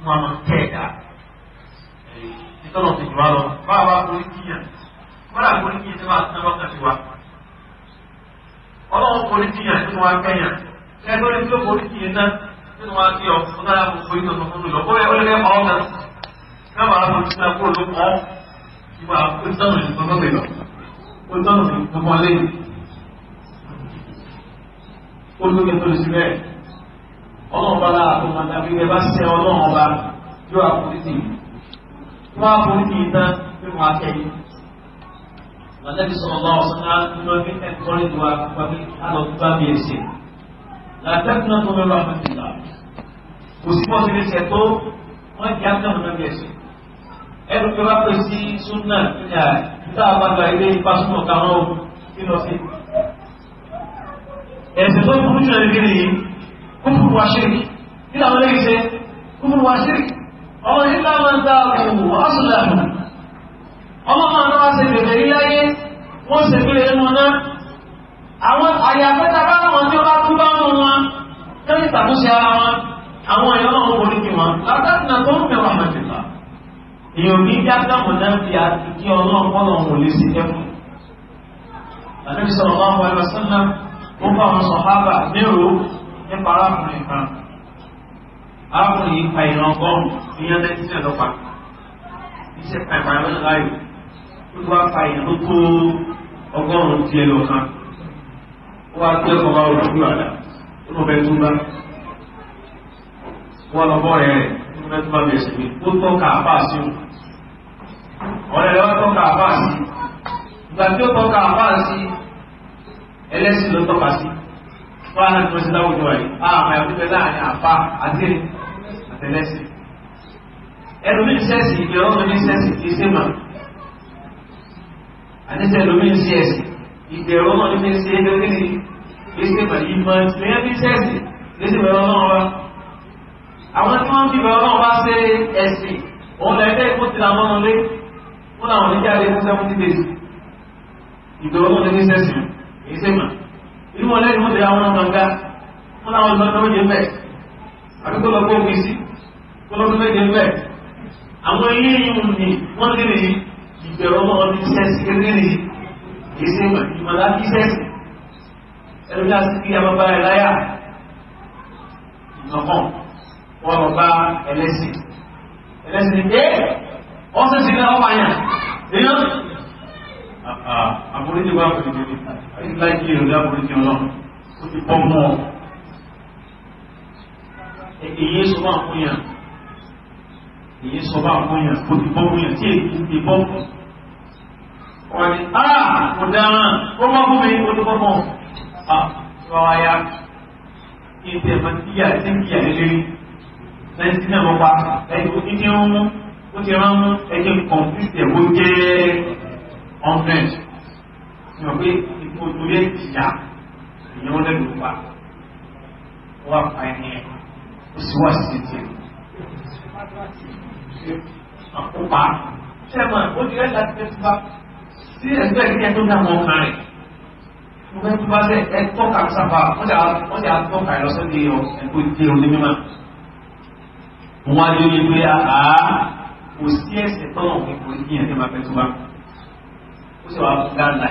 tí wọ́n á máa tẹ́ ẹ̀dá nítorí ọ̀sẹ̀ ìwà lọ bá a bá orí kíyàn kọ́lá orí kíyàn tí wọ́n á tẹ́ wákàtí wa ọlọ́run orí kíyàn tí wọ́n á kẹ́yàn kẹ́gbẹ́ orí tí ó orí kíyàn náà tí wọ́n á kí ọ fún náírà mo fún ìtọ̀tọ̀ lọ bóyá ó lé lẹ́kọ̀ọ́ ọ̀gá náà wàá mo ti náà kúrò lóko ọ́ ìwà ìtọ́nù ìgbọ́gbẹ́ lọ ó tọ́nù ìgbọ́gbọ́ lẹ́yìn ó lókè tó lè sí bẹ́ẹ̀ ọlọ́run bá lára tó máa dábí ẹ bá ṣe ọlọ́run ọba yóò àforíjì wọ́n àforíjì iná nínú akẹ́yìn mọ̀lẹ́bí sọ̀rọ̀ bá ọ̀sán náà nínú ẹbí ẹ̀kọ́rin tó wà pàbí àlọ́ tó bá mi ẹ̀sẹ̀ làtẹ́kùnà tó mẹ́rọ àmọ́tìlá kò sí bọ́sí lè ṣẹ̀ tó wọ́n jẹ́ àtẹ́kùnà tó mẹ́rọ ẹ̀sẹ̀ ẹnu pé wá pè sí súnà nígbà nígbà àgbàgbà ilé ipa súnà káwọn ó kí lọ sí ẹ̀sẹ̀ tó burú jù ẹ̀ kúfùrù wa ṣírí kí ni àwọn lẹ́yìn ṣe kúfùrù wa ṣírí ọmọ yìí ká máa ń dá òwò ọ̀ṣùlẹ̀ àbùn ọmọ máa ń wá ṣe bèbè rí láyé wọ́n ṣe gbére nínú náà àwọn àyàfẹ́ta bá wọn tí ó bá kú bá wọn wọn lórí ìtàkùnṣe ara wọn àwọn ẹ̀yọ́ náà wọ́n kí wọn látàkùnà tó ń bẹ̀rù àmàjìlá èèyàn ní dáadáa náà fi àti kí ọlọ́run kọ́nà wọn lè ṣe ẹ̀kùn àdébísọ̀rọ̀ bá wọn ẹ̀rọ sọ́nà ó bá wọn sọ̀hábà méròó nípa arákùnrin kan arákùnrin yìí pa ìran ọgọ́rùn-ún ìyẹn lẹ́sìn náà lọ́pàá iṣẹ́ pàìpàì lọ́dọ̀ láàyò ó wá pa ìyẹn tó tó ọgọ́rùn-ún tiẹ̀ lọ kan ó wá tó ẹ̀kọ́ bá olùdókòwò àdá ó lọ bẹ tó bá wọ́n lọ bọ́ rẹ̀ rẹ̀ ó bẹ tó bá bẹ̀ ṣe ó tọ́ka àbá sí o ọ̀rẹ́ rẹ̀ wá tọ́ka àbá sí ìgbà tí ó tọ́ka àbá sí ẹlẹ́sìn ló tọ́ka sí wọ́n á lọ́dún sí láwùjọ ẹ̀ àmà ìpínlẹ̀ láàrin àpá àti àtẹlẹsì ẹlòmí sẹ́ẹ̀sì ìgbẹ́ ọ̀rọ̀ ní sẹ́ẹ̀sì kìí sí mà àníṣe ẹlòmí sẹ́ẹ̀sì ìgbẹ́ ọ̀rọ̀ ní sí ẹgbẹ́ kìí kìí sí mà ìmọ̀ ìpínlẹ̀ ní sẹ́ẹ̀sì kìí sí mà ọlọ́run wa àwọn tí wọ́n ń bíbẹ̀ ọlọ́run wa ṣe ẹ̀sìn òun lẹ́gbẹ́ ikú ti làwọn lé fún àwọn oníjà lé fún sẹ́wọ́n ti dé ìgbẹ́ ọlọ́run ní sẹ́ẹ̀sì sí mà inú wọn lẹ́nu mọ́tẹ̀ àwọn ọmọ ọ̀gá wọn làwọn lọ sọ méje bẹ́ẹ̀ àdúgbò lọ kó omi sí wọn lọ sọ méje bẹ́ẹ̀ àwọn ilé yìí ni wọ́n lè rí ìbẹ̀rù ọmọ ọdún sẹ́sì kékeré yìí kì í ṣe ìmọ̀lá kí sẹ́sì ẹni bí a sì kí ababa ẹ̀ láyà ìmọ̀kàn wọn lọ bá ẹlẹ́sìn ẹlẹ́sìn ní pé ọ́sẹ̀sìn náà ọ̀pá yàn Ah, àforíjì wà fún ìdíje láìkí ìrọ̀lẹ́ àforíjì ọlọ́run ó ti pọ́ mọ́ ọ èyí sọ bá fún yàn èyí sọ bá fún yàn ó ti pọ́ fún yàn tí èyí ti pọ́ fún wọ́n ni áà kò dára ó má fún mi ó ti pọ́ mọ́ ọ wọ́n ya kí n tẹ̀ mọ́ tíyà tí ń kíyà lélẹ́rí lẹ́yìn tí náà wọ́n pa hundred ní o pé ipò torí ẹ̀ jìyà ìyẹn wọn lẹ́nu pa wọ́n wà pa ẹni ẹ̀ ó sì wà sí tiẹ̀. àkópa sẹ́wọ̀n ó di ẹ̀ láti fẹ́ tuba sí ẹgbẹ́ ìdí ẹ̀ tó ní àwọn ọkàn rẹ̀ mo fẹ́ tuba sẹ́ ẹ tọ́ka sábà wọ́n yà á tọ́ka ẹ̀ lọ́sọ́ di ẹ̀kọ́ ìdí ẹ̀ onímọ̀ wọ́n á lé ní pé àá kò sí ẹ̀sẹ̀ tọ́nà òkè kò máa fẹ́ tuba sọ ghana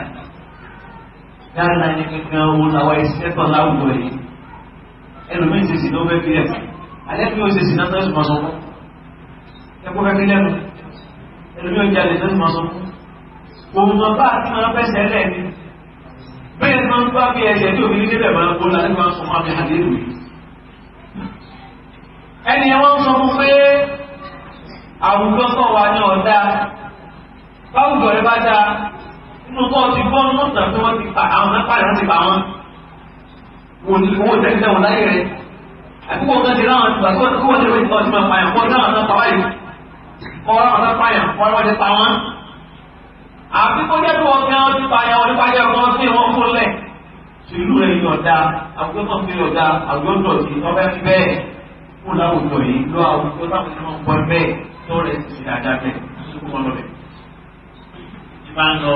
ghana ní kankan owó làwọn ẹsẹ̀ tán láwùjọ yìí ẹlòmíín ṣe sí ló fẹ́ fi ẹ̀fọ́ alẹ́ bí o ṣe sí náà tẹ́sí máa sọ fún ẹkọ́ fẹ́ fi lẹ́nu ẹlòmíín ọjà lè tẹ́sí máa sọ fún òun máa bá àti máa fẹ́ sẹ́lẹ̀ ni bẹ́ẹ̀ máa ń bá bí ẹsẹ̀ tí òbí nílẹ̀ máa ń bó láti máa sọ fún àmì àdéhùn ẹni ẹ wọ́n sọ fún pé àwùjọ kan wà ní ọ̀dà báwùjọ rẹ bá dáa nínú tó ti gbọ́ ní mọ́tò tí wọ́n ti pa àwọn náà pàdé wọ́n ti pa wọn wò ní owó tẹ́lifíṣẹ́ wọn láyé rẹ̀ àti wọ́n kan ti ráwọn ti pàṣẹ kó wọ́n ti wọ́n ti tọ́ ti máa pààyàn kọ́ ráwọn náà pàwáyé kọ́ ráwọn náà pààyàn kọ́ ráwọn ti pa wọn. àfi kó jẹ́ kó wọ́n fi àwọn ti pààyàn wọn nípa jẹ́ ọ̀kan sí wọn kó lẹ̀ tìlú rẹ̀ yọ̀dá àwùjọ kan fi yọ̀dá àwùjọ dọ̀tí ọbẹ̀ fi bẹ́ẹ̀ kó láwùjọ yìí lọ àwùjọ táwọn ti máa ń pọ̀ bẹ́ẹ̀ tó rẹ̀ sì dáadáa bẹ́ẹ̀ tó kó wọn lọ bẹ́ẹ̀. ìbá ń lọ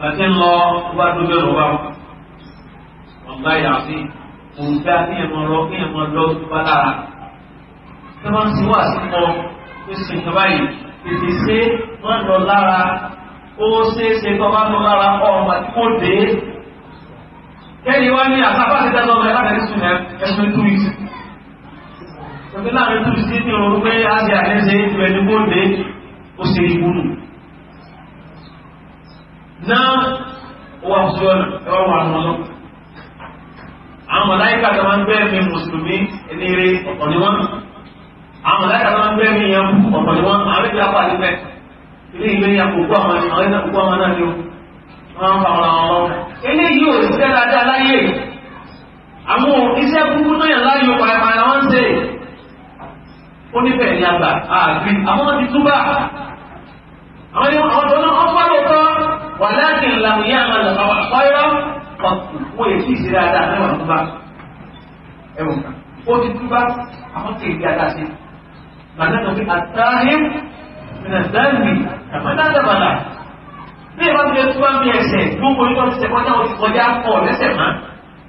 bàtẹ́ ń lọ wá dúró lọ wá wọn bá yà sí òun dá kí ẹ̀ mọ lọ kí ẹ̀ mọ lọ bá lára kí wọ́n ti wá sí mọ tó sì ń kaba yìí tètè ṣe wọ́n lọ lára ó ṣe é ṣe kọ́ bá lọ lára ọ̀ọ́mà tí kò dé kẹ́ni wá ní àtàkọ́ àti dáná ọmọ ẹ̀ láti sùn ẹ̀ ẹ̀sùn two weeks ṣùgbọ́n láàrin two weeks ní ìrònú pé á di àlẹ́ ṣe é ju ẹni náà wọ́n sọ ọ̀nà ẹwà wà lọ́nà àwọn mọ̀láìkà tó máa be gbé mi mùsùlùmí eléré O ni wọ́n àwọn mọ̀láìkà tó máa ń gbé mi yẹn ọ̀pọ̀ ni wọ́n àwọn méjì apá àti bẹ́ẹ̀ ilé ìgbé yẹn kò kó àwọn àwọn ẹ̀dá kó àwọn náà ni ó wọ́n ń fa wọn àwọn ọmọ eléyìí ò ṣiṣẹ́ dáadáa láyé àwọn iṣẹ́ kúkú náà yàn láyò pàápàá làwọn ń ṣe onífẹ̀ẹ́ ni àgbà àgbì àwọn ti túbà àwọn ọ̀dọ́ náà O ولكن لم yá máa lọ àwọn àkọ́yọ́ wọ́n yẹ kí ìṣe dáadáa ní wọn túbá ẹ̀wọ̀n kan ó ti túbá àwọn tí èdè àdá sí màdá tó fi àtàrí mìnàdánì àmọ́dádàbàlà bí ìwà tó yẹ ti sẹ́kọ́jà ó ti kọjá pọ̀ lẹ́sẹ̀ má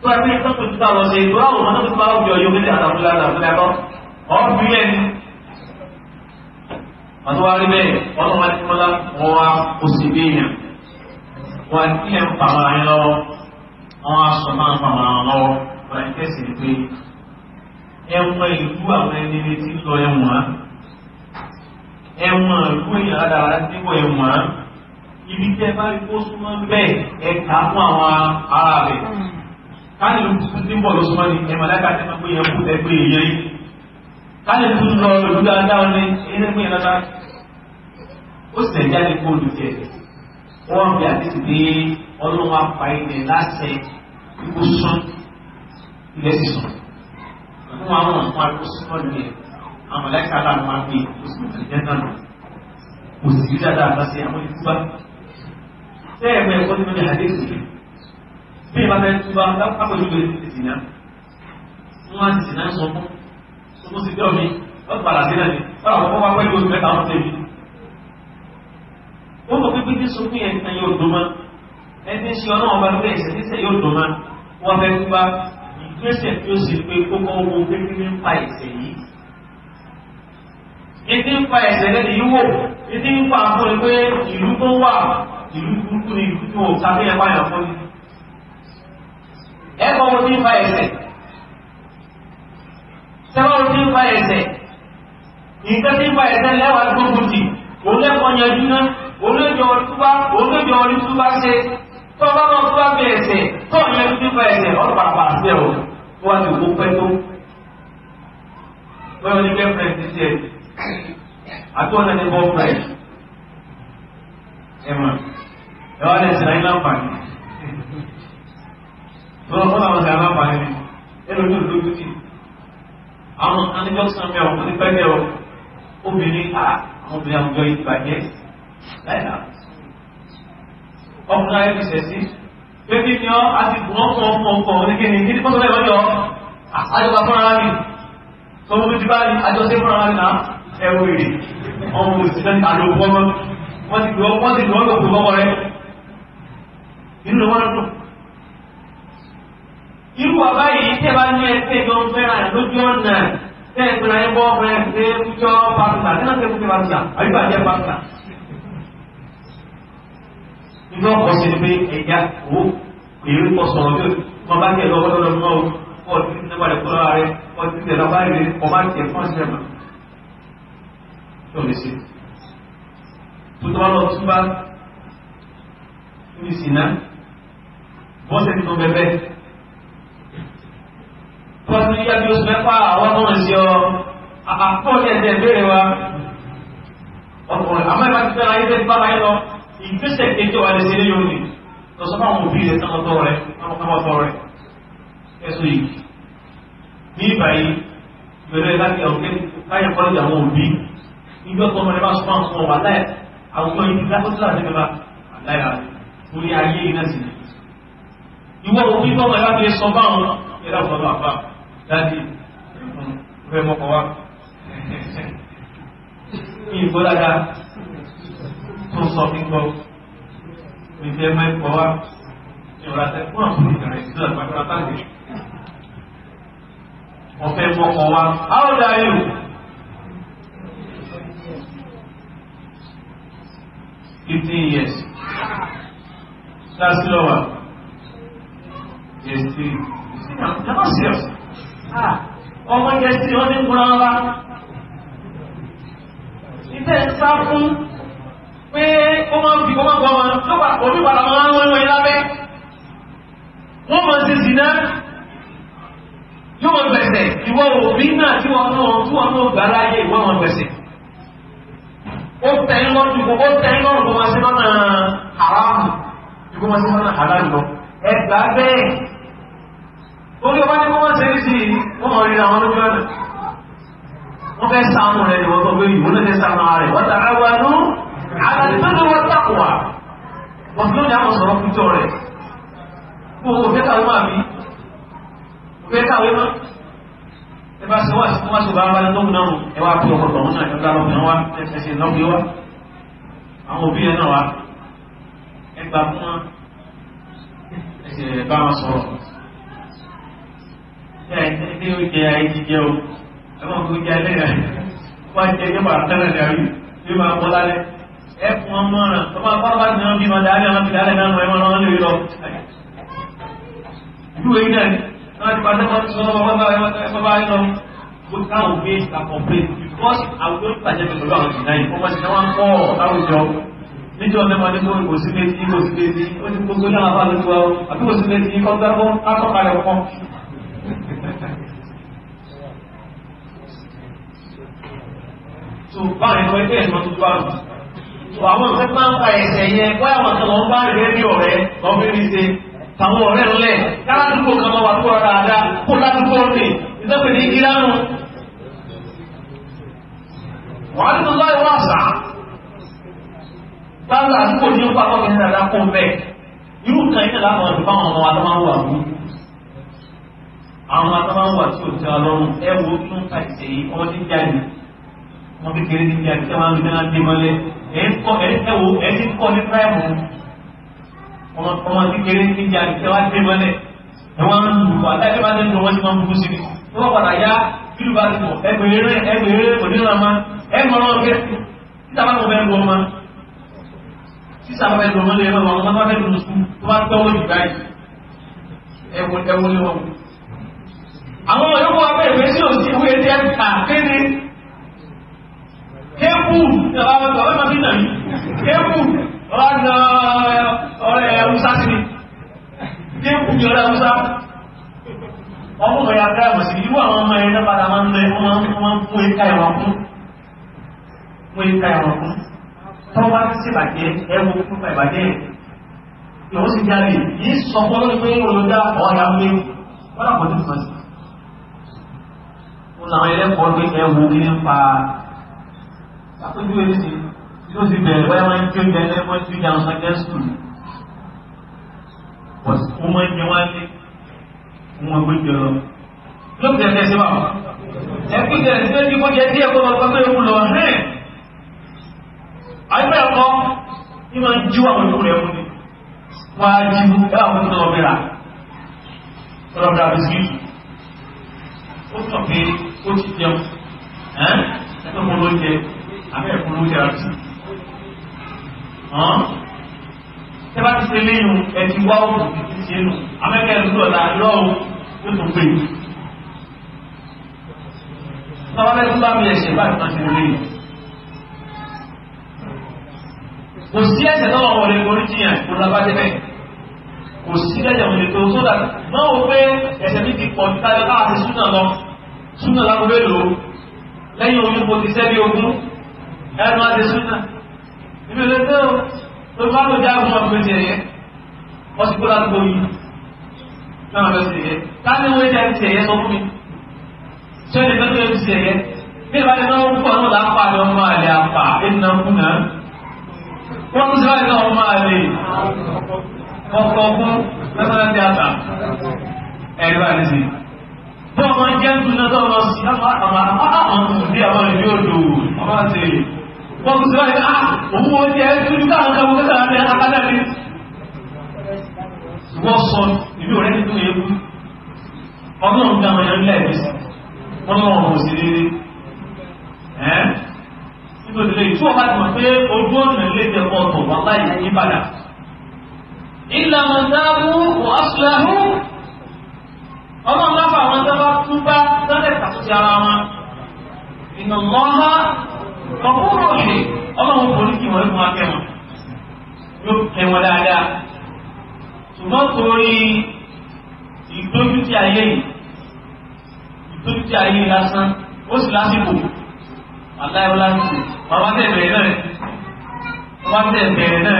tó a bí ẹ̀ tó tó túbá lọ sí ìlú àwọn ọmọdé tó túbá ó jọ yóò mẹ́lẹ̀ àtàkùnlá àtàkùnlá kọ́ ọ́ bí ẹni àtúwárí bẹ́ẹ̀ ọlọ́mọdé kọ́lá wọn wá kó bí èèyàn wọ́n ti ẹ̀ ń pa àwọn ayé lọ́wọ́ wọ́n á sọ máa ń pa àwọn àwọn lọ́wọ́ wọ́n ti tẹ̀sí pé ẹ̀wọ̀n ìlú àwọn ẹni ní ti lọ ẹ̀wọ̀n ẹ̀wọ̀n ìlú èèyàn ládàá ti wọ ẹ̀wọ̀n ibi tí ẹ bá rí kó súnmọ́ bẹ́ẹ̀ ẹ kà á fún àwọn ará rẹ̀ káàdì ló ti ń bọ̀ ló súnmọ́ ni ẹ̀mọ̀ láti àti ẹ̀mọ̀ pé yẹn kú ẹgbẹ́ èèyàn yìí káàdì tó ń lọ ìlú dáadáa ní ẹ̀rẹ́gbẹ́ yẹn lọ́dá ó sì wọ́n bí àti pé ọlọ́wọ́ apá ilẹ̀ láṣẹ ikú sán ilẹ̀ sísun fún àwọn nǹkan àkóso lẹ̀ àwọn ẹ̀ka aláàánú máa gbé oṣù tẹ̀lẹ́ náà kò sì rí dáadáa bá ṣe àwọn ìtúbá bẹ́ẹ̀ mọ ẹ̀kọ́ tí wọ́n ní àdéhùn rẹ̀ bí ìbá fẹ́ túbá lápapọ̀jù lè ti dìnnà wọ́n á ti dìnnà sọ fún ọmọ sí bí ọ̀gbìn ọ̀gbàlà sí náà ni wọ́n àwọn ọmọ wa pẹ̀lú oṣù mẹ́ta ọ̀sẹ̀ yìí wọ́n mọ̀ pé bíbí sunkún yẹn nìkan yóò dùn mọ́ ẹni ṣe ọlọ́run ọba lórí ẹ̀sẹ̀ níṣẹ́ yóò dùn mọ́ wọ́n fẹ́ gba ìgbésẹ̀ tí ó sì pé kókó owó kékeré ń pa ẹ̀sẹ̀ yìí. Ìdí ń pa ẹ̀sẹ̀ lẹ́nu yìí wò ìdí ń pa fún ẹ pé ìlú tó wà ìlú burúkú ni ìlú tó wò sábẹ́ ẹ̀ báyọ̀ fún mi. Ẹ̀kọ́ wo ti ń pa ẹ̀sẹ̀? Sẹ́wọ́n wo ti ń pa ẹ̀sẹ̀? Nǹkan ń pa ẹ̀sẹ̀ lẹ́wàá gbogbo jì, òun lẹ́kọ̀ọ́ yanjú náà olóòjọ orí tó bá olóòjọ orí tó bá ṣe tó bá náà tó bá fi ẹsẹ̀ tó ìyẹn tó nípa ẹsẹ̀ ọ̀rọ̀ parapara o tó wá ní owó pẹ́ tó wọ́n yóò ní girlfriend ti ṣe àti wọn ní boyfriend ẹ mọ̀ ẹ wá lẹ́sìn náà iná pàdé tó lọ fún àwọn sàrán pàdé ni ẹ lójú lójú tì àwọn anijọ́sán mi àwọn onípẹ́ mi ọ obìnrin ah, àwọn obìnrin àwùjọ ìbàjẹ́ láìlá ọkùnrin ayé ti sẹ̀sí bébí ni ọ́ a ti bù ọ́ fún ọkùnrin ọkùnrin oníkẹ́ni kí ni pọ́sọ́lẹ̀ lọ́yọ̀ àjọba fúnra mi tó mú ti báyìí àjọṣe fúnra mi náà ẹ̀rọ èrè ọmọ òṣìṣẹ́ ní àlọ́ ọmọ wọ́n ti gbọ́ wọ́n ti gbọ́ ọ̀pọ̀ ọmọ rẹ̀ nínú wọn dùn irú bàbá yìí tẹ́ bá ní ẹgbẹ́ ìjọ ń fẹ́ràn lójú ọ̀nà tẹ́ ẹgbẹ́ ìjọ ń bọ́ ọ̀pẹ́ ẹgbẹ́ ìjọ pàtàkì náà tẹ́ ẹgbẹ́ pàtàkì àyíká pàtàkì nínú ọkọ̀ sí ni pé ẹ̀yà ó èyí pọ̀ sọ̀rọ̀ tó wọn bá tẹ̀ lọ́wọ́ lọ́wọ́ mọ́ o kọ́ ọdún ní nígbà lẹ́kọ́ lọ́wọ́ rẹ kọ́ ọdún tẹ̀ lọ́wọ́ rẹ kọ́ bá tiẹ̀ fún ọ̀sẹ̀ mọ́. tó lè ṣe tó tọ́ lọ tún bá bọ́sẹ̀ tó bẹ̀bẹ̀ tọ́sí yíyá bí oṣù mẹ́fà àwọn tó ń ọ àpọ̀ ní ẹ̀jẹ̀ ìbéèrè wa ọkùnrin àmọ́ ìbá ti fẹ́ràn ayé ìgbésẹ̀ kéjọ àìsí ní yóò ní lọ sọ fáwọn òbí rẹ̀ tán ọ̀tọ̀ rẹ̀ tán ọ̀tọ̀ rẹ̀ ẹ̀sùn yìí ní ìbàyí bẹ̀rẹ̀ láti àwọn káyà kọ́lẹ̀jì àwọn òbí nígbà tó ọmọdé máa sọ́mọ́ àwọn ọmọ aláì àwùjọ ibi lákòtìlá àti bàbá aláìra orí ayé iná sí ìwọ òbí tó ọmọ láti sọ bá àwọn ẹ̀rọ tó sọ kíkọ́ ìfẹ́ mẹ́kọ́ wá ìrọ̀lá tẹ fún àwọn ìrìn sílẹ̀ pàtàkì táàgì ọ̀fẹ́ mọ́kọ̀ wá how dare you fifteen years that's lower yes three you see now you're not serious ah ọmọ yẹn sí ọdún kúrọ̀ wá ìfẹ́ sá fún pé ó máa ń fi kó máa gbọ́ wọn lọ́pàá onípadà máa ń wọ́n lábẹ́ wọ́n máa ṣe sì náà yóò máa gbẹ̀sẹ̀ ìwọ òbí náà tí wọ́n náà tí wọ́n náà gbà láyé ìwọ máa gbẹ̀sẹ̀ ó tẹ̀ ń lọ́dún ìkó ó tẹ̀ ń lọ́rùn kó máa ṣe lọ́nà haramu ìkó máa ṣe lọ́nà haramu lọ ẹgbà bẹ́ẹ̀ orí ọba ní kó máa ṣe sí wọ́n máa rí àwọn olójú ọ̀nà wọ́n fẹ́ sáàmù rẹ̀ ìwọ́n tó gbé ìwọ́n náà fẹ́ sáàmù rẹ̀ wọ́n tàbí àlàlùmọ́nà wọ́n tàkùwà wọ́n tí ó ní àwọn sọ̀rọ̀ kújọ rẹ̀ fún òun fẹ́ kàwé máa bí fẹ́ kàwé mọ́ ẹ bá sọ wà sí wọ́n sọ bá wà lọ́gbọ̀n náà ẹ wá pé ọkọ̀ tọ̀hún náà ẹgbẹ́ lọ́gbọ̀n wá ẹsẹ̀ lọ́gbọ̀n wá àwọn òbí ẹ náà wá ẹgbà fún wọn ẹsẹ̀ bá wọn sọ̀rọ̀ ẹ ẹ ó ẹkùn ọmọ rẹ̀ tó bá fọ́nà bá ti náà bí ma dáadé àwọn ti dáadé náà ẹmọ náà lè lọ. Ìlú èyí náà náà ti pàṣẹ wọn sọ wọn bá ẹmọ bá lọ. Ó táwọn gbé ìta complain because àwùjọ ń pàṣẹ pẹ̀lú àwọn ìdìnnà yìí. Ọmọ ìdìnnà wọn kọ́ láwùjọ. Níjọ́ ọ̀nẹ́mọ̀ ní kò kò sí létí kò sí létí ó ti gbogbo náà wà lójú wa àbí kò sí létí kọ́ gbẹ́gbọ́ kákọ̀kalẹ̀ ọkọ̀. So báyìí wọ́n ẹgbẹ́ ìmọ̀ tuntun àrùn àwọn nǹkan máa ń pa ẹ̀sẹ̀ yẹn bóyá àwọn kan wọn bá rẹ̀ ní ọ̀rẹ́ ọ̀bìnrin ṣe tàwọn ọ̀rẹ́ ńlẹ̀ káràdúgbò kan máa wà tó ọ̀rọ̀ àdá kó ládùúgbò ní ìtọ́pẹ̀ ní ìlànà wọ́n á dúró láì wá àṣà báwo àdúgbò ní ó pàpọ̀ kìí dáadáa kó bẹ́ẹ̀ irú kan iná láwọn ọdún báwọn ọmọ adámáwà mú àwọn adámáwà tí ò tẹ ọlọ́run ẹwọ tún àìsè ọmọdé jáde wọn kékeré níbi àti ẹwọn àgbẹ̀ náà dé mọ́lẹ̀ ẹ̀wò ẹ̀sìn kọ́ ní tíráìmù ọmọ kékeré ní ìjà ìjọba tẹ mọ́lẹ̀ ẹ̀wọ̀n ń lù àtàkùn bá ti lù wọ́n ti máa ń bú sí i wọ́n padà yá kílù bá ti mọ̀ ẹgbẹ̀rẹ́ ẹgbẹ̀rẹ́ onírànmá ẹgbẹ̀rún ọ̀gẹ́ sísàbà tó bẹ́ẹ̀ lu ọmọ sísàbà bẹ́ẹ̀ lu ọmọ lè mọ̀ ọmọ bá bẹ́ẹ̀ lu sùn tó bá tọ́ wọ́n jù báyìí ẹ̀wọ̀n ẹ̀wọ̀n ni wọ́n. àwọn ọ̀yọ́kọ̀ abẹ́rẹ́ sí òsì ìwé ẹ̀dẹ́ àkéde kéèkù ọ̀rẹ́ màbí nà mí kéèkù ọ̀nà ọ̀rẹ́ ẹ̀rúsá sí ni kéèkù ní ọ̀rẹ́ ẹ̀rúsá ọmọ ọ̀yà dáàmù sí irú àwọn ọmọ ẹ̀rẹ́ padà máa ń lẹ wọ́n fún ẹ̀ka ẹ̀wà fún fún ẹ̀ka ẹ̀wà fún tọ́wọ́ bá ti ṣèbàjẹ́ ẹ̀wọ̀n fún ìbàjẹ́ ìwọ́n sì jáde yìí sọ fún ọlọ́run pé olùdá ọ̀yà pé wọ́n làkọ̀ọ́dún kan sí wọn làwọn ẹlẹ́kọ̀ọ́ pé ẹ̀wọ̀n kí ní pa àpéjú èsì tí ó ti bẹ̀rẹ̀ báyá máa ń tí ó jẹ lẹ́gbọ́n tí ó jẹ àwọn sọ́jẹ́ skul ó máa ń jẹ wá lé wọn gbé jẹ lọ yóò jẹ tẹ́sí wa ẹbí jẹ tí ó ti kó jẹ díẹ̀ kó lọ sọ pé òun lọ hẹ́ẹ̀ àyíká ẹ̀kọ́ ní máa ń jí àwọn ìlú rẹ̀ mú ni wọ́n á jí ẹ àwọn ìlú lọ bẹ̀rẹ̀ lọ́dọ̀ bẹ̀rẹ̀ bisikíìtì ó sọ pé ó ti jẹun ẹ̀ẹ́dẹ́gbẹ̀rún ló abẹ́ẹ̀kún ló dára sí tẹ́ bá ti ṣe léyìn ẹ ti wá òkú ti ṣe nù amẹ́kẹ́ ẹ̀ lọ́la lọ́wọ́ yóò tó pè é tọ́wọ́ bẹ́ẹ̀ tó bá mi ẹ̀ṣẹ̀ bá ìtàn ṣe léyìn kò sí ẹ̀ṣẹ̀ náà wọlé orí jiyàn kó lọ bá débẹ̀ kò sí ẹ̀ṣẹ̀ wọlé tó sódà náà wò pé ẹ̀ṣẹ̀ mi ti pọ̀ ẹnu àti súnà ibi ìlú tó tó bá lò já fún ọkùnrin tiẹ̀ yẹ wọ́n ti kó láti gbó yìí náà lọ sí yẹ láti wọ́n já ti tiẹ̀ yẹ sọ fún mi ṣé ẹni tó tó yẹ ti tiẹ̀ yẹ bí ìbá ti náwó púpọ̀ náà lápá ni ọmọ àlè àpà ìnà kùnà wọ́n tún síwájú náà ọmọ àlè ọkọ̀ fún lọ́sọ̀rọ̀ tíátà ẹ̀rí wà ní sí i bọ́ọ̀mọ̀ jẹ́ ń tún náà tọ́ọ̀rọ̀ sí àwọn àwọn àwọn àwọn àwọn ìdí àwọn ìdí òdò ọmọ àti èyí wọ́n kò sí wáyé á òun wọ́n jẹ́ tójú káwọn kan wọ́n sára ní akádá mi. wọ́n sọ ìlú rẹ̀ nínú ewu ọdún ọ̀gá wọn yẹn lẹ́ẹ̀ bí wọ́n mọ̀ ọ̀hún sí rere. ẹ́ nítorí lè tí wọ́n bá ti mọ̀ pé ojú ọ̀nà lè jẹ́ ọ̀tọ̀ wà láì ní padà. ìlànà dáàbò wọ́n aṣọ ọlọ́run láfa àwọn tó tún bá sọ́dẹ̀ tàtúnṣe ara wọn ìnà mọ́ha tọ̀kúrò ṣe ọlọ́run polisi wọn fún akẹ́wọ̀n yóò kẹ́ wọn dáadáa ṣùgbọ́n torí ìtọ́jú tí ayé yìí ìtọ́jú tí ayé yìí lásán ó sì lásìkò aláìwọ́ lásìkò bàbá tẹ̀ bẹ̀rẹ̀ náà bàbá tẹ̀ bẹ̀rẹ̀ náà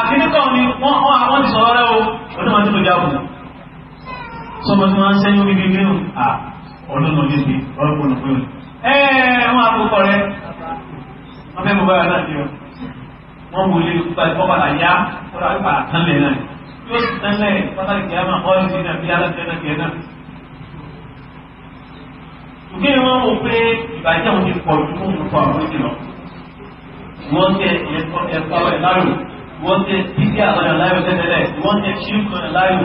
àkíníkọ̀ ni wọ́n àwọn ti sọ̀rọ̀ rẹ̀ o onímọ̀ tí kò jáwò sọ́mọ́ tí wọ́n ń omi gbígbé nù ọlọ́nà níbi ọlọ́pọ̀lọ́ pé ẹ̀ẹ́wọ́n àkókò rẹ̀ wọ́n fẹ́ bọ̀bá náà ní ọ wọ́n wò lè gba ìfọ́bàlà yá kọ́ra pé ìbàjẹ́ òun ti pọ̀ ju fún òun kọ́ àwọn ìdìlọ́ wọ́n tẹ ẹ̀kọ́ ẹ̀láyò wọ́n tẹ títí àwọn ẹ̀láyò tẹ́tẹ́lẹ̀ wọ́n tẹ ṣírùkù ẹ̀láyò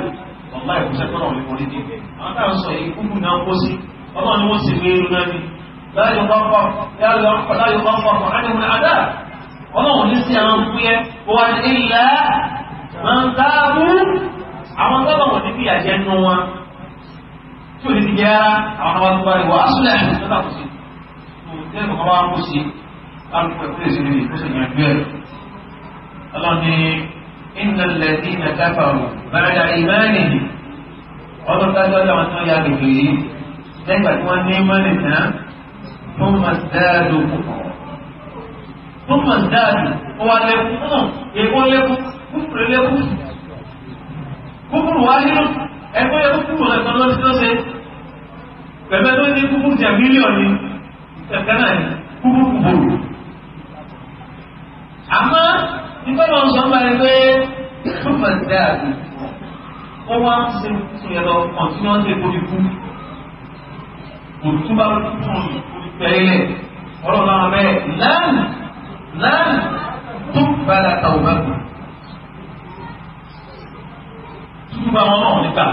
ọ̀la ìkùsẹ́kọ̀ọ́ ọlọ́run ni wọ́n sì gbé irun náà ní láyé ọkọ̀ ọkọ̀ ánìmọ̀ àdá ọlọ́run ní sí àwọn fúyẹ́ wọ́n ní ilẹ̀ máa ń dáàbò àwọn tọ́lọ̀ wọ̀n ní bí àjẹ́ nù wọn tí ò ní ti jẹ́ ara àwọn ọmọ tó bá rí wọ́n á súnlẹ̀ àti ìtọ́ta kò sí ní ẹ̀kọ́ bá kó sí alùpùpù ẹ̀kọ́ èsì rẹ̀ kó sì yàn gbé ẹ̀ ọlọ́run ní ìnà lẹ́dí ìnà káfà lẹ́gbà tí wọ́n ní mọ́lẹ̀ tán tó mọ̀ dáadọ́ púpọ̀ tó mọ̀ dáadọ́ ó wà lẹ́kún mọ̀ èkó lẹ́kún kúkúrú lẹ́kún kúkúrú wá nínú ẹgbẹ́ yẹ kúkúrú rẹ̀ tán lọ́sí lọ́sẹ̀ pẹ̀lẹ́ tó ní kúkúrú jẹ mílíọ̀nù kẹ̀kẹ́ náà ní kúkúrú kúkúrú àmọ́ nígbà tó ń sọ nípa ẹni pé tó mọ̀ dáadọ́ ó wá ń ṣe ìyẹn lọ kọ̀ntínúọ́sì èkó ikú olùtúbà tuntun olùfẹ́lẹ̀ ọlọ́run náà bẹ́ẹ̀ lánà lánà tó bala tàwọn bá kù. tuntun bá wọn náà nígbà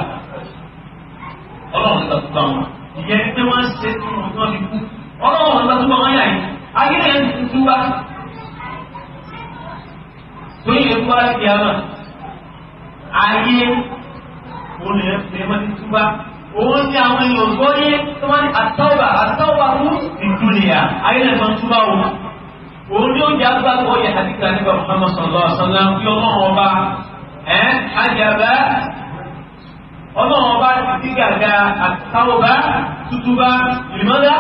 ọlọ́run nígbà tó bá wọn ìyẹn pé wọ́n ń ṣe tuntun tó ní kú ọlọ́run nígbà tó bá wọn yà yìí ayélujára ti tuntun bá tó yẹ kó ayé kí a náà ayé olùyẹn fẹ́ wọ́n ti tuntun bá òun ni àwọn èèyàn gbọ́ yé tó wá ní àtọ́wà àtọ́wà fún ìdúnìyà ayélujára tó bá wù. òun ni ó yà gbàgbọ́ yẹ àdìgbà nígbà Muhammad sallallahu alaihi wasallam fi ọlọ́run ọba ẹ̀ ajabẹ́ ọlọ́run ọba ti gàgà àtọ́wà tutuba ìmọ̀lá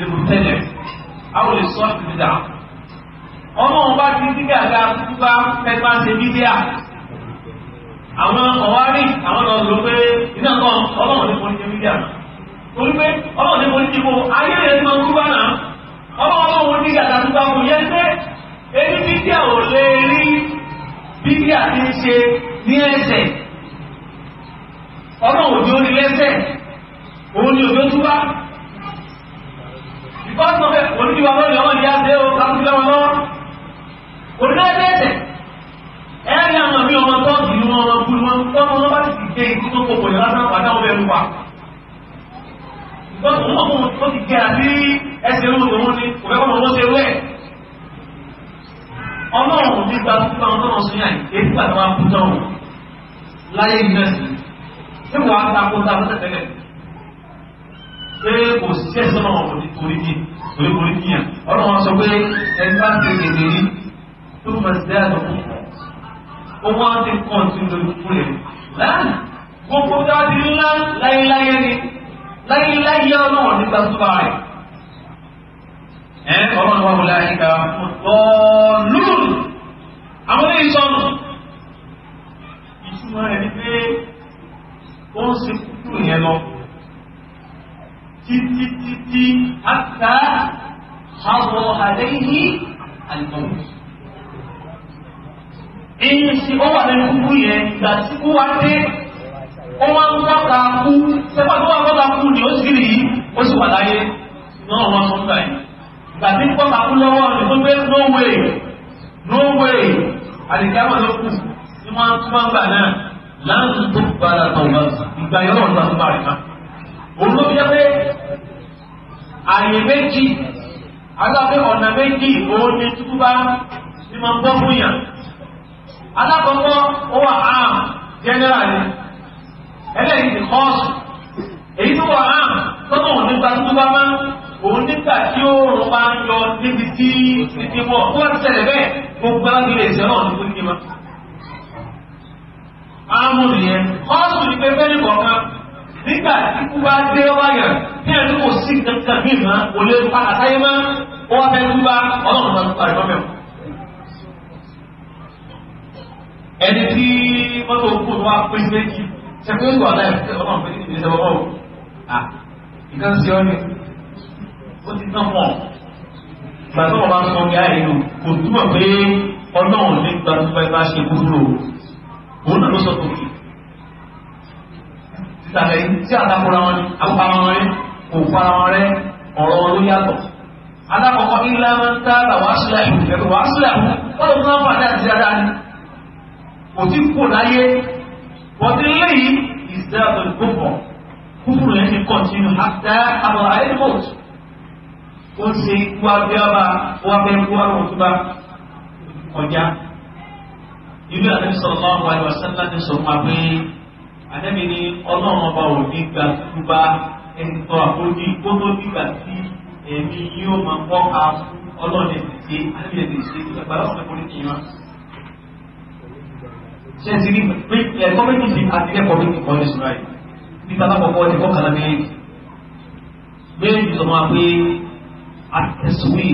ìrùtẹ́lẹ̀ àwọn lè sọ ìdíjà ọlọ́run ọba ti gàgà tutuba pẹ́ẹ́pá ṣe bíbíà àwọn ọ̀wárí àwọn lọ lò pé iná kan ọlọ́run ní polisi mídíà torí pé ọlọ́run ní polisi kò ayé rẹ̀ ti máa ń kúrú bánà ọlọ́run ọlọ́run ní gàdá tó bá kò yẹ pé ebi mídíà ò lè rí mídíà ti ń ṣe ní ẹsẹ̀ ọlọ́run òjò ní lẹ́sẹ̀ òun ni òjò túbá ìfọ́sọ̀fẹ́ oníjìbá lọ́rùn ọmọ ìyá dé o láti lẹ́wọ̀n lọ́wọ́ onídàájẹ́ ẹsẹ̀ ẹ̀rí àwọn àmì ọmọ tó jù ní wọn kú wọn tọ́mọ wọn bá sì gbé ikú tó kòkò yẹn lásán pàdé àwọn ẹrù pa wọ́n mọ̀ fún ó ti kẹ́ àbí ẹsẹ̀ ń lò wọ́n ní kò fẹ́ kọ́ mọ̀ wọ́n ṣe wẹ́ ọlọ́run ní gba fúnpa wọn tọ́nà sún yàn èyí pàtó wa kú tán láyé ìrẹsì tí wàá takò takò tẹ̀tẹ̀lẹ̀ pé kò sí ẹ̀sọ́ náà wọ̀ ní torí ní torí kò ní kíyàn ó wá ti kàn sí lójú fún ẹ láàrín gbogbo dáadé ńlá láyéláyé ni láyéláyé ọlọ́run nígbà tó bá rẹ̀ ẹ ọlọ́run wà wọlé àyíká ọ̀ọ́lùmù àwọn ilé ìsọnù ìtumọ̀ rẹ̀ ni pé ó ń ṣe kúrò yẹn lọ títí títí àtà àwọn àlẹ́ yìí àlùmọ̀ọ́lù eyín sí ó wà nínú kúkú yẹn ìgbà tí kú wá dé ó wá ń wáta kú sẹ́pà tó wà wáta kú ni ó sì rí ó sì wà láyé náà wọ́n sọ nígbà yìí ìgbà tí wáta kú lọ́wọ́ rẹ̀ tó gbé no way no way àdìgámọ̀ ló kù tí wọ́n tún máa ń gbà náà láàrín tó gbára tọ̀gbà ìgbà yọ̀ ọ̀dà tó bá rẹ̀ ká òun ló àyè méjì alábẹ́ ọ̀nà méjì òun ni túbá ni máa ń fún yàn alákọ̀ọ́kọ́ ó wà arm general ni ẹlẹ́yìn ti kọ́ọ̀sù èyí tó wà arm tọ́tọ̀ òun nípa tó bá máa òun nígbà tí ó rùn bá ń yọ níbi tí níbi wọ̀ tó wà tẹ̀lẹ̀ bẹ́ẹ̀ gbogbo àwọn ilé ìṣẹ́ náà níbo níbi máa. arm nìyẹn kọ́ọ̀sù ni pé bẹ́ẹ̀ nìkọ̀ọ̀kan nígbà tí kú bá dé wáyà tí ẹ̀ ní kò sí kankan bí ìmọ̀ òun lè fa àtàyè máa ó wá fẹ́ kú ọlọ́run máa ń parí mọ́mẹ́wò. ẹni tí mọ́tò kù wá pín méjì ṣẹ́kọ́ ìgbà náà ẹ̀fẹ́ ọlọ́run pé níbi ìṣẹ́ ọmọ à nǹkan sí ọ ní ó ti tán mọ̀ ìgbà tó wọn bá ń sọ ní ààrẹ nù kò túmọ̀ pé ọlọ́run ní gba tó fẹ́ bá ṣe gbúdúrò òun náà ló sọ tó kì ìtàlẹ̀ tí àtàkùnra wọn ni àpamọ́ rẹ kò fara wọn rẹ ọ̀rọ̀ ló yàtọ̀ alákọ̀ọ́kọ́ ilé amẹ́ńtà làwọn aṣílẹ̀ ìfẹ́ wàásílẹ̀ àwọn ọ̀rọ̀ tó náà fà kò tí kò láyé bọ́tí léyìí ìsẹ́ àtọ̀lùkọ́pọ̀ kúkúrú yẹn ti kọ̀tínú àtẹ àbọ̀ àyẹ̀dẹ́gbọ̀t ó ṣe ikú abíọ́ba wábẹ́ ikú àrùn òtúbá ọjà ìlú àtẹ́bí sọ̀rọ̀ máa wà lọ sẹ́ńtà ti sọ̀rọ̀ máa pé àtẹ́bí ni ọlọ́run ọba ò ní gba túbá ẹni tó àforí kó tó nígbà tí ẹ̀mí yóò máa kọ́ ka ọlọ́run ẹ̀ ti ṣe àtẹ́bí ẹ̀ ti ṣe ìgbàlá ọ̀sẹ̀ kò ní kì í ṣe ti rí pé ẹ̀kọ́ méjì àti ẹ̀kọ́ méjì kan ní sùnà yìí nípa lápapọ̀ ẹ̀kọ́ kan náà méjì méjì sọ máa pé àtẹ̀sùwì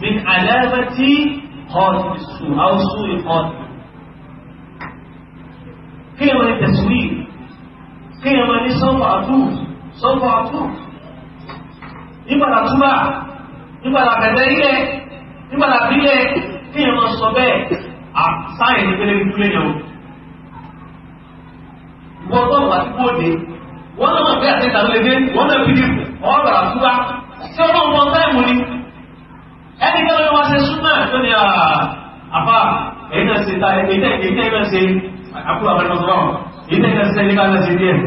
ní àlẹ́rẹ́ tí ọ̀sùn àwòsùn ìkọ̀ọ̀tù kí ẹ̀ máa ní tẹ̀sùwì kí ẹ̀ máa ní sọ́fà àtú sọ́fà àtú nígbàdà túbà nígbàdà bẹ̀rẹ̀ ilẹ̀ nígbàdà bílẹ̀ kí ẹ máa sọ bẹ́ẹ̀ sáyẹ̀ ní pélé ní dúlé yẹn o. ìwọ bọ́ọ̀lù àti bóde wọ́n náà máa bẹ́ àtẹ́ta ló lè dé wọ́n náà fìdí ọ̀rọ̀ àtúwá tí ọlọ́run mọ táìmù ni ẹni kí wọ́n wá ṣe súnmọ́ tó ní àbá èyí náà ṣe ta èyí náà èyí náà ṣe àkúrò àwọn ọmọ sọ́wọ́n èyí náà ṣe ní ká náà ṣe díẹ̀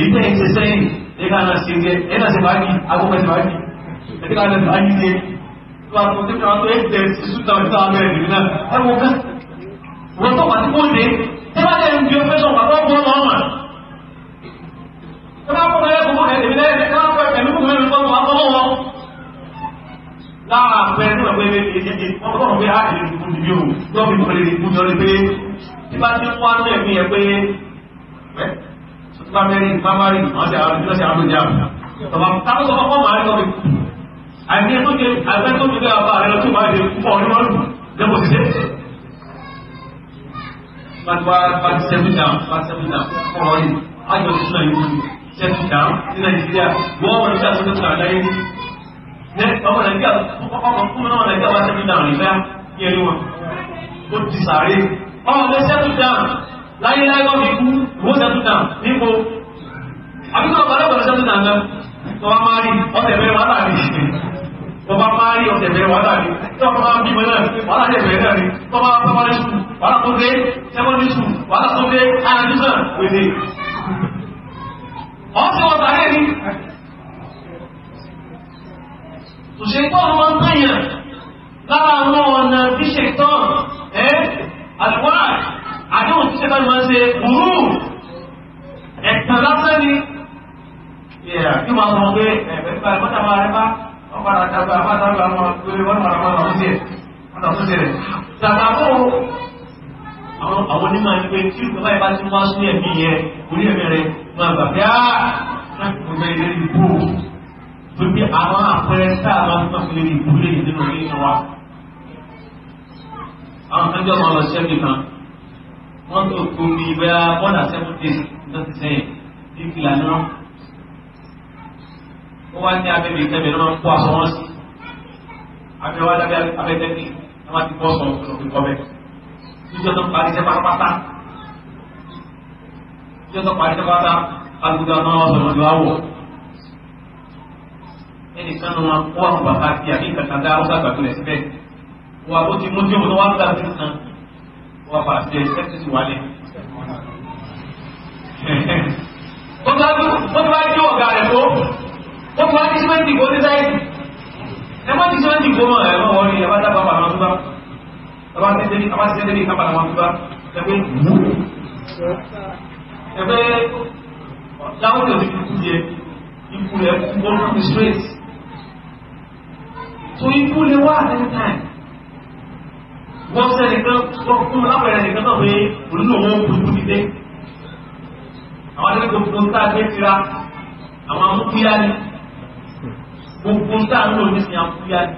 èyí náà ṣe sẹ́yìn ní ká náà ṣe díẹ̀ èyí náà ṣe báyìí agbókọ̀ ṣe báyìí èyí náà ṣe báyìí díẹ̀ sudah tapi bukan. ambil lama. láti ọdún kan tó ẹgbẹ́ sísú tàbí sáàbẹ̀ ìlú náà ẹwọ fẹ́ wọ́n tó wà tí kò dé tẹ́bàtẹ́ ń bí ọfẹ́ sọ̀rọ̀ àtọ́ bọ́ lọ́rùn tẹ́bàtẹ́ ẹ̀kọ́ ẹ̀mí lẹ́yìn tẹ́bàtẹ́ ẹ̀mí kò mẹ́rin fọ́n wà fọ́n wọn láàrín àpẹẹrẹ tó wà pé ẹ̀jẹ̀ wọ́n tó wà pé á lè fún ìdí o lọ́ọ̀ fi pẹ̀lẹ́ ìkú jọ lé pé tí bá ti wá ní ẹ̀mí ẹ̀ pé sọ́tún bá mẹ́rin bá má rí àwọn ti àwọn ìjọsìn àwọn ìjọsìn àwọn ìjọsìn àìsí tó jẹ àgbẹ́tò tó dára bá rẹ̀ tó máa jẹ púpọ̀ onímọ̀lù lẹ́bọ̀ sí jẹ́ pàtíwá pàtí sẹ́mìdà pàtísẹ́mìdà ọ̀rọ̀ yìí ajọ ìṣúná ìwọ̀n sẹ́mìdà ní nàìjíríà wọ́n wọ́n ṣe àtúntò àdáyé ní ọmọ nàìjíríà ọmọ nàìjíríà wá sẹ́mìdà rẹ̀ fẹ́ kí ẹni wọn ó ti sàárè ọmọ ọmọ sẹ́mìdà láyé láyé wọn fi kú ìwọ́n sẹ́mìdà nípo àbíkọ́ ọ̀pọ̀lọpọ̀ sẹ́mìdà náà wọ́n máa rí ọ̀tẹ̀ tọba máa rí ọ̀sẹ̀ bẹ̀rẹ̀ wà láàrin tọba máa bímọ náà wà láàrin ẹ̀bẹ̀rẹ̀ náà ni tọba pàpàrí sùn wà látọ́dé sẹ́mọ́dé sùn wà látọ́dé àyàjúsà wèdè ọ̀sẹ̀ ọ̀tà rẹ̀ ni tòṣe tọ́nù wọn tẹ̀yàn lára àwọn ọ̀nà tí ṣe tán ẹ́ ni yẹ́ kí wọ́n sọ pé ẹ̀fẹ́ ọba àtàgbà àbádágbà wọn lórí wọn mara wọn lọ sí ẹ wọn lọ sí rẹ sàkàbọ àwọn àwọn onímọ̀ ẹni pé tí ìgbà báyìí bá ti wá sí ẹ̀mí yẹn orí ẹ̀mí rẹ máa gbà bí áá láti fún mi lórí ìbò tó bí àwọn àpẹẹrẹ tá a máa fún mi lórí ìbò lè nínú ilé ìṣọ wa. àwọn kan jọ máa lọ sí ẹbí kan wọn tó kó mi bẹ́ẹ̀ bọ́dà sẹ́fún dé ní ọ̀sẹ̀ sẹ́yìn ní ìfìlà náà ó wá ní abẹ́bí ìtẹ́bẹ̀ ló máa ń kó aṣọ wọn sí abẹ́wá lábẹ́ abẹ́tẹ́bí ẹ máa ti bọ́ sọ òfin kọ́ bẹ́ẹ̀ níjọ́ tó parí iṣẹ́ pátápátá níjọ́ tó parí iṣẹ́ pátá alùpùpù àwọn ọmọ ọ̀sán ọ̀dọ̀ àwọ̀ ẹnìkan ló máa kó àwọn bàbá àti àbí ìkàkà dá ọ̀sán àgbàkulẹ̀ síbẹ̀ wà ó ti mójú òun tó wá ń gbà sí kan wà pàṣẹ sẹ́kítì wálé ó bá dé ọ̀gá rẹ̀ tó wọ́n fi wá ní símẹ́ǹtì kó ní táyì ẹ má ti símẹ́ǹtì kó mọ̀ ẹ̀ mọ̀ wọ́n ní ẹ bá dábàá bàbá tó bá bàbá ti sẹ́ni bàbá ti sẹ́ni kábàlà wọn tó bá ẹ pé ẹ pé láwọn èèyàn ti kú yẹ ikú rẹ̀ kú bọ́ fún mi straight so ikú lè wá at any time wọ́n sẹ́ni kan wọ́n fún mi lápẹ̀rẹ̀ nìkan náà pé òun náà wọ́n kú ní dé àwọn akẹ́kọ̀ọ́ fún un tá a gbé tira àwọn amúkúyá ni gbogbo sáà ń lò ní sin àfúyá ni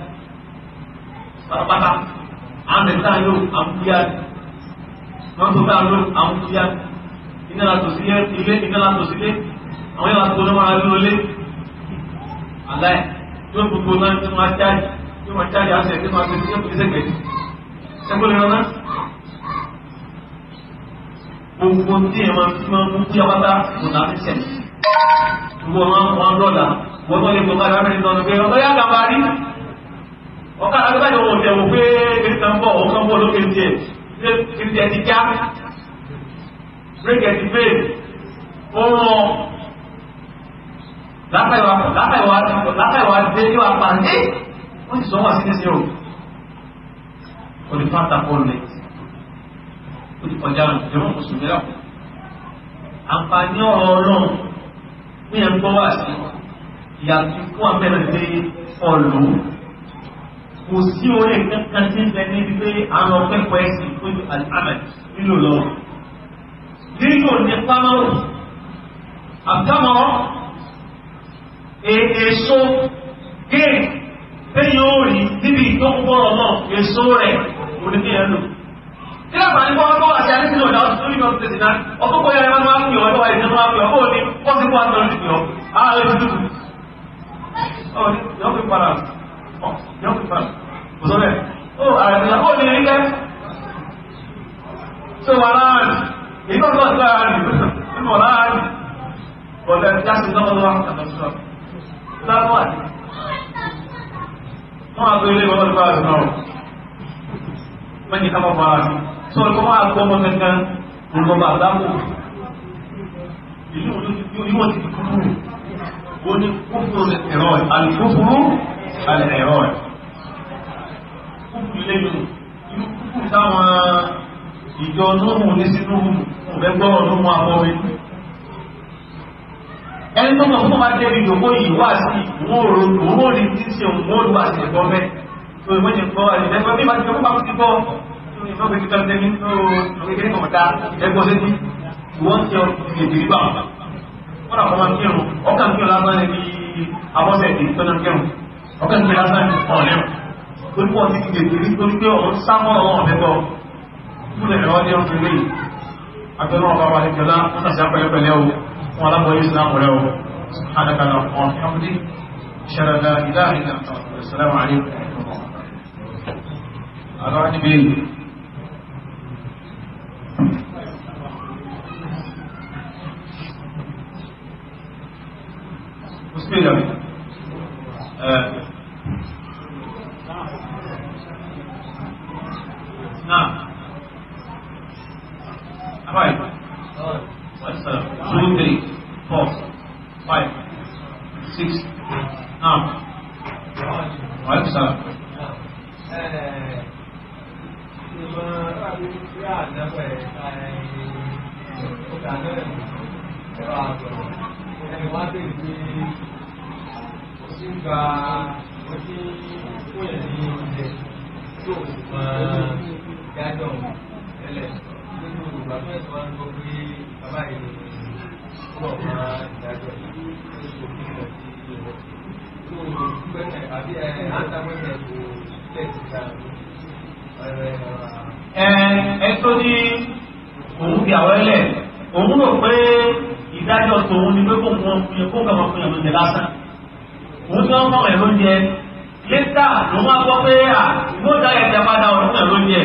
pátápátá àmì sáà lò àfúyá ni mọ́tò sáà lò àfúyá ni iná látò sí ilé iná látò sí ilé àwọn yàrá tó lọ́wọ́ ara ló lé aláì tó gbogbo náà tó máa jáde tó máa jáde àti ẹ̀kẹ́ máa ti tó fi sẹ́gbẹ̀ẹ́ sẹ́gbẹ̀ẹ́ lọ́wọ́ náà gbogbo tí ẹ̀ máa fi máa mú kí ọ bá bá kò náà sẹ̀ gbogbo wọn wọn lọ́la mo tó lè tó máa lọ́rùn ìtọ́nu pé ọ̀tọ́ yá gàmà rí ọ̀ká agbẹ́gbẹ́ òun tẹ̀wò pé kìrìtàn bọ̀ òun kan bọ̀ lókè tiẹ̀ kìrìtàn ti já bíríkẹ̀ ti pé òun ọ̀ látàìwá dé yóò apá ní wọ́n ti sọ wà sí ní sí o olùfàtà pọ́lẹ̀ ó ti kọjá ìjọba mùsùlùmí lọ àǹfààní ọ̀rọ̀ ọlọ́run ní ẹ̀ ń gbọ́ wá sí i ìyàtí fún abẹ́rẹ́ pé ọ̀lù kò sí orí kankan tí ń bẹ níbi pé àwọn akẹ́kọ̀ọ́ ẹ̀sìn fún alhamad nínú lọ nínú ní pamọ́ àbámọ́ èso géè tẹ́yìn ó rí níbi ìtọ́kùnbọ̀rọ̀ náà èso rẹ̀ kò ní kéèyàn lò tí lọ́pàá ní wọ́n bọ́ àti àdéhùn ọ̀dà ọ̀tún ní ọ̀tún tẹ̀sí náà ọkọ̀ bóyá ẹ̀rọ máa ń pè ọ́ ẹ̀rọ máa ń pè ọ́ kó o ní pọ́sibú àtọ̀ ní ìpè ọ́ ààrẹ tuntun yọ́ fi padà yọ́ fi padà kò sọ bẹ́ẹ̀ ó àrẹ̀dẹ̀lá ó lè rí gẹ́ tó wà láàrin èyí náà lọ́sí láàrin nínú láàrin bọ̀lẹ̀ jáde náà lọ́wọ́ àtàkùsọ̀ láwọ́ àti wọ́n àgbé ilé wọn lọ́wọ́ àti náà mẹ́jì ká bàbá rẹ̀ sọ ọ̀rọ̀ wọn àgbọ́ ọmọ kankan olùkọ́ bàbá kò ìlú wọn ti kúrú ó ní kúfùrù ẹ̀rọ alùkúfùrù ẹ̀rọ kúfùrù lẹ́nu inú kúfùrù táwọn ìjọ nóhùn ní sínú ọ̀gbẹ́gbọ́rọ̀ ló mú abọ́ mi ẹni tó mọ̀ fún wa jẹ́ ìdòkó yìí wá sí ìwọ̀n òní tí ń ṣe òun wá sí ẹ̀gbọ́n mẹ́ tó ìwọ́n yẹn gbọ́ ẹ̀lẹ́gbọ́n bí wọ́n ti gbọ́ ti gbọ́ ìwọ́n fi ti gbọ́ ìwọ́n ti gbọ́ ìwọ́n ti gbọ́ ìwọ́n ti gbọ́ wọ́n làwọn máa ń kírun ọkàn kí ọlá máa ń di abọ́sẹ̀ èdè tó náà kírun ọkàn kí lásán ọ̀lẹ́ torí pọ̀ títí dèbè rí torí pé ọ̀hún sámọ́ ọ̀hún ọ̀lẹ́gbọ́ fúnlẹ̀ ẹ̀rọ ọdẹ ọdún lè abẹ́rún ọba wa nìkẹ́lá wọ́n tàṣà pẹ̀lẹ́pẹ̀lẹ́ o 对的，呃。ẹ tó ní òun fi àwọn ẹlẹ̀ òun rò pé ìdájọ́ tòun ni pé kó wọn fi kó kàn wọn fún yàn lóúnjẹ lásán òun tí wọ́n fọwọ́ ẹ̀ lóúnjẹ lẹ́tà ló wá gbọ́ pé à ló dá ẹ̀jẹ̀ padà ọ̀rọ̀ fún yàn lóúnjẹ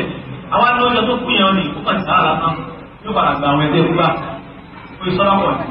àwọn lóúnjẹ tó fún yàn ni ó kàn sí sáà lásán yóò padà gba àwọn ẹgbẹ́ gbúgbà ó sọ́dọ̀ pọ̀ ní.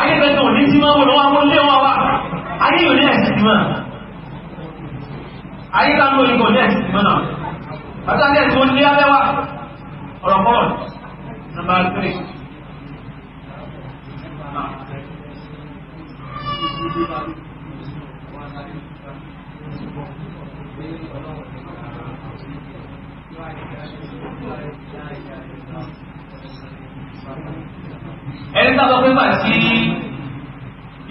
ayé tẹ́tẹ́ òní tí máa wọ́n wọ́n lé wọ́n wá ayé yóò ní ẹ̀sìn tí máa ayé tá ló yíkọ̀ ní ẹ̀sìn tí máa náà bàtà ní ẹ̀sìn òní abẹ́ wá nàmbà 3 Thank you ẹni tá a sọ pé mà sí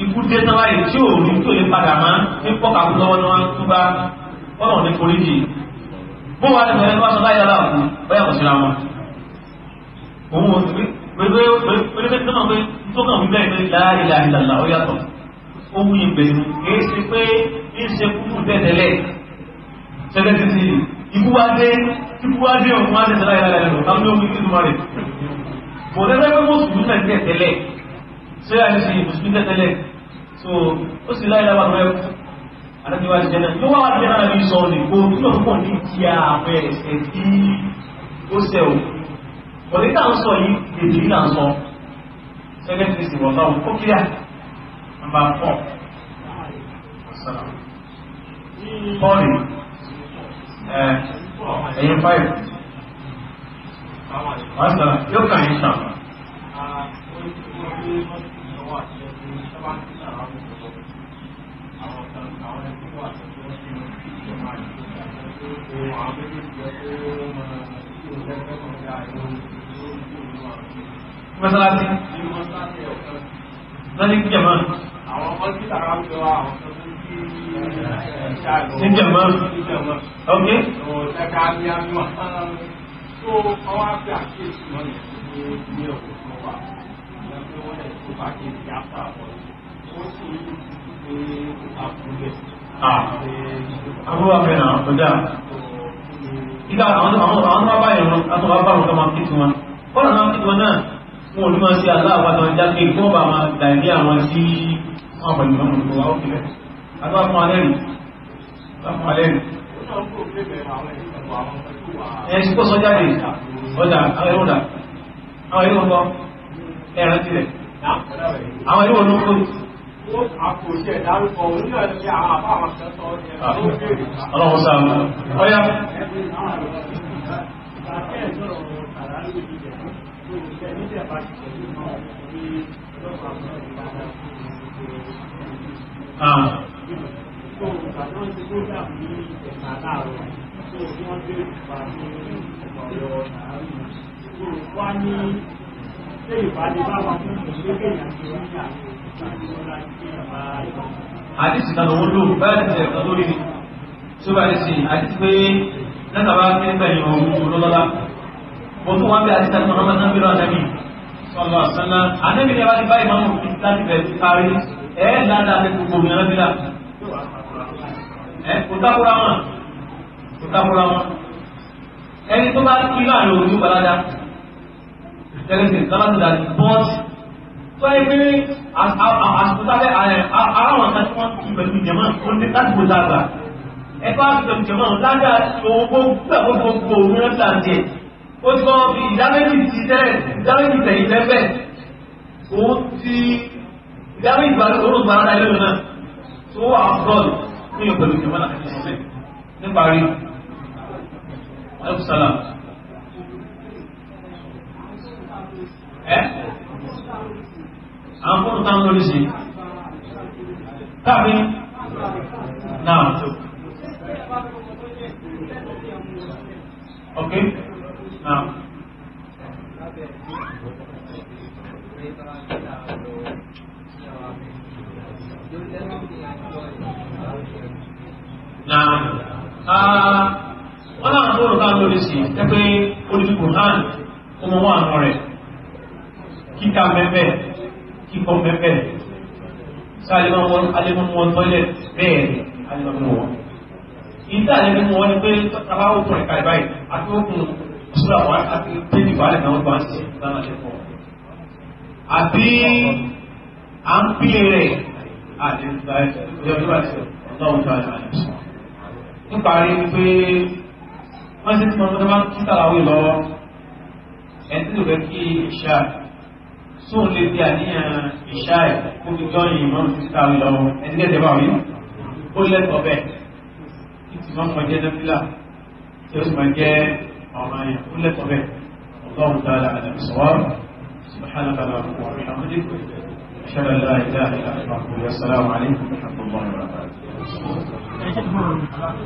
ikú dé tán báyìí tí ò ní tó lè padà mọ́ ní pọ́kà kú lọ́wọ́ ni wọ́n tú bá ọ̀nà ní foríjì bó wà lẹ́nu ẹni wá sọ báyìí aláwọ̀ kú báyà kò síra wọn. òun ò sí pé pé pé pé tọ́nà pé tó kàn wí bẹ́ẹ̀ pé láàyè láàyè làlà ó yàtọ̀ ó wú yín pẹ̀lú kìí ṣe pé kí ń ṣe kúkú bẹ́ẹ̀ tẹ́lẹ̀ ṣẹlẹ̀ títí ikú wá dé ikú wá dé òun wá dé sẹ́láyà lálẹ́ lọ mọ̀lẹ́fẹ́ pé mùsùlùmí náà tẹ̀ tẹ́lẹ̀ ṣé àyè ṣe mùsùlùmí tẹ̀ tẹ́lẹ̀ so ó sì láyé lábàá rẹ̀ àdájọba ti jẹ́nà yóò wá jẹ́nà ní sọ ní kó tó pọ̀ ní ti ààbẹ̀ ẹ̀sẹ̀ tí ó ṣẹ̀ o mọ̀lẹ́ tá à ń sọ yìí èdè yìí là ń sọ sẹ́gẹ́tì sì wọ́n sáwọn ó kíyà nàbà pọ̀ sọ̀rọ̀ pọ́ọ̀lì ẹ̀yìn fáìlì wọ́n sọ yóò kàn yín sàn. mọ́sálásí lọ́dí kí jẹ̀mọ́ àwọn ọmọ tí tàrà ń jọ àwọn tó ń kí ní tó ọwọ́ abẹ́ àkíyèsí náà yẹn ti ní ní ọ̀pọ̀ tó wà ìyẹn pé wọ́n lè tó bá kí ní áfà bọ̀ wọ́n sì ń pè é àbúlé. àbúrò abẹ́ náà ọjà ìgbà àwọn àwọn bá báyìí wọn àtọ̀ bá báwọn kan máa kí tiwọn bọ́ọ̀lù máa kí tiwọn náà wọn ò ní máa ṣe aláàbá tó ń jáde kí wọ́n bá máa dà ní àwọn sí wọn pẹ̀lú ìmọ̀ òṣùwà ó fi lẹ̀ àtọ́ àfún alẹ́ rì àfún alẹ́ rì. ó náà ń kó òfin bẹ̀rẹ̀ àwọn ẹ̀yìn ẹ̀sì kó sọ jáde ọjà àwọn ẹ̀rọ ọ̀dà àwọn ẹ̀rọ ọ̀dọ́ ẹ̀rọ tilẹ̀ àwọn ẹ̀rọ ọ̀dọ́ kó ọlọ́wọ́ sáà ọ̀yá Ah àdìsí kan lòun lò báyà ti ẹ̀kọ́ lórí ni tí ó bá lè sìn àdìsí pé lẹ́nà bá ké pẹ̀lú ohun olólọ́lá mo tún wá bí àdìsí kan lọ́wọ́ náà bí lọ́wọ́ àdẹ́bí sọ̀rọ̀ àṣánná àdẹ́bí ni a bá ti bá ìmọ̀ òfin láti bẹ̀rẹ̀ ti parí ẹ̀ ládàá ní gbogbo òmìnira bí là ẹ̀ kò tákùrá mọ̀ kò takura wọn ẹni tó bá kú inú àná òní balada tẹlifí balada dàdí bọ́ọ̀tì tó yẹ pé àsìkòtàlẹ̀ aráwọn kan tí wọ́n ti pẹ̀lú jẹ̀mọ́ ó ní láti kó dàgbà ẹ bá ti pẹ̀lú jẹ̀mọ́ ládà owó gbogbo gbogbo òun náà dà jẹ ó ti kọ́ fi ìdáméjì ti tẹ́lẹ̀ ìdáméjì tẹ̀yìn tẹ́fẹ́ òun ti ìdáméjì balẹ̀ òun balada ilé náà tó àbúrò ní ìpẹ̀lú jẹ̀mọ́ náà kẹ́kẹ́ sọ́mẹ́ nípa rí Waalaikumsalam. Eh? Ampun utang polisi. Tapi, nah, oke, okay. nah. Nah, uh, wọ́n láwọn tó rò káà lórí sí ẹgbẹ́ olùdíkò hàn ọmọ wọn àwọn rẹ̀ kíkà mẹ́fẹ́ kíkọ mẹ́fẹ́ sáàlẹ́mọ́ alẹ́mọ́ tọ́lẹ̀ bẹ́ẹ̀ alẹ́mọ́ wọn ìdá alẹ́mọ́ wọn ni pé tọ́kàlá ó tọ̀rẹ̀ kàlẹ̀ báyìí àti òkun ṣúra wọn àti tẹ́lẹ̀ ìbálẹ̀ náà gbà sí lánàá lẹ́kọ̀ọ́ àbí à ń pè rẹ̀ àdéhùn ìgbà ẹ̀jẹ̀ ìjọba ìṣẹ̀ ọ̀dọ́ òun tó àjọ àyẹ̀sọ̀ nípa rí pé مسجد مرتبة كتا راوي لو انت دو بكي اشاء سون لي دياني اشاء كوبي جوني امام كتا راوي لو انت كتا باوي قول لك او بيت كتا امام مجي نفلا سيوس مجي اوماني قول لك او بيت الله تعالى على الصور سبحانك اللهم وبحمدك اشهد ان لا اله الا انت والسلام عليكم ورحمه الله وبركاته